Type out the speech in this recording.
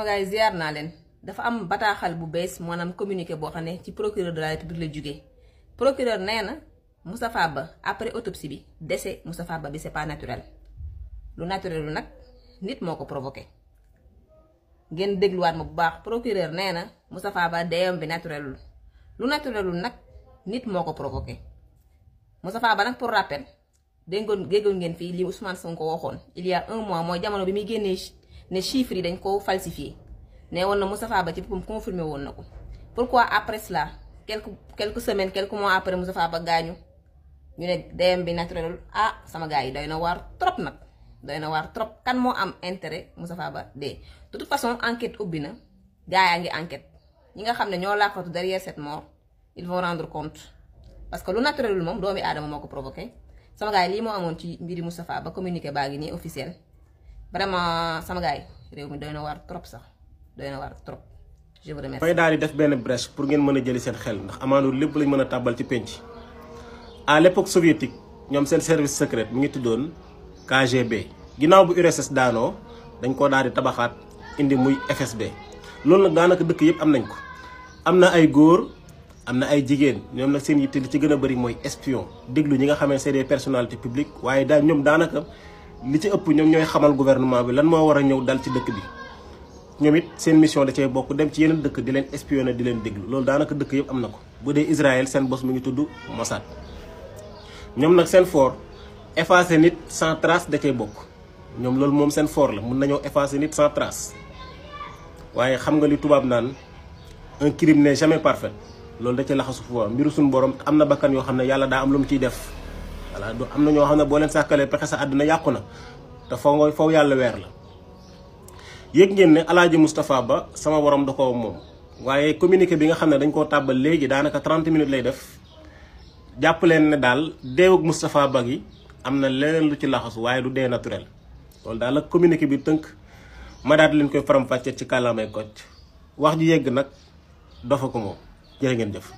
sama gars yi naa leen dafa am bataaxal bu bees maanaam communiqué boo xam ne ci procureur de la république la jugee procureur nee na Moustapha Ba après autopsie bi décès Moustapha Ba bi c'est pas naturel lu naturel lu nag nit moo ko provoqué. ngeen dégluwaat ma bu baax procureur nee na Moustapha Ba deewam bi naturelul lu naturelul nag nit moo ko provoqué Moustapha Ba nag pour rappel déggoon déggoon ngeen fii li Ousmane Sonko waxoon il y a mooy jamono bi muy génnee. ne chiffres yi dañ ko falsifié ne woon na Moustapha Ba ci boppam confirmé woon na ko pourquoi après la quelques quelques semaine quelques mois après Moustapha Ba gaañu ñu ne DM bi naturel ah sama gars yi doy na waar trop nag doy na waar trop kan moo am intérêt Moustapha Ba dee de toute façon enquête ubbi na gaa yaa ngi enquête ñi nga xam ne ñoo làqatu derrière cette mort ils vont rendre compte parce que lu naturel moom doomi aadama moo ko provoqué sama gars yi moo amoon ci mbiri Moustapha Ba communiqué baa ngi nii officiel vraiment sama gars yi réew trop sax doy trop je vous remercie. mooy daal di def benn brèche pour ngeen mën a jëli seen xel ndax amaanul lépp lañ mën a tàbbal ci penc à l'époque soviétique ñoom seen service secret mu ngi tuddoon KGB ginnaaw bu URSS daanoo dañ koo daal di tabaxaat indi muy FSB loolu nag daanaka dëkk yëpp am nañ ko am na ay góor am na ay jigéen ñoom nag seen yitte li ci gën a bëri mooy espion déglu ñi nga xamee c'est des personnalités waaye daal ñoom daanaka. li ci ëpp ñoom ñooy xamal gouvernement bi lan moo war a ñëw dal ci dëkk bi ñoom it seen mission da cee bokk dem ci yeneen dëkk di leen espionner di leen déglu loolu daanaka dëkk yëpp am na ko bu dee Israël seen bos mu ngi tudd Mossad ñoom nag seen foor effacer nit sans trace da bokk ñoom loolu moom seen fort la mun nañoo effacer nit sans trace waaye xam nga li tubaab naan un crime n'est jamais parfait loolu da cee laxasu foofu mbiru suñu borom am na bakkan yoo xam ne yàlla daa am lu ciy def. voilà du am na ñoo xam ne boo leen sàkkalee pexe sa àdduna yàqu na te foo nga foo yàlla weer la yëg ngeen ne alaaji Moustapha Ba sama waroom du ko moom waaye communiqué bi nga xam ne dañ koo tàbbal léegi daanaka 30 minutes lay def jàpp leen ne daal deewug Moustapha Ba gi am na leneen lu ci laxasu waaye du dee naturel loolu daal la communique bi tënk ma daat leen koy faram-fàccee ci kàllaamay kocc wax ju yegg nag dofa ko moom jërë ngeen jëf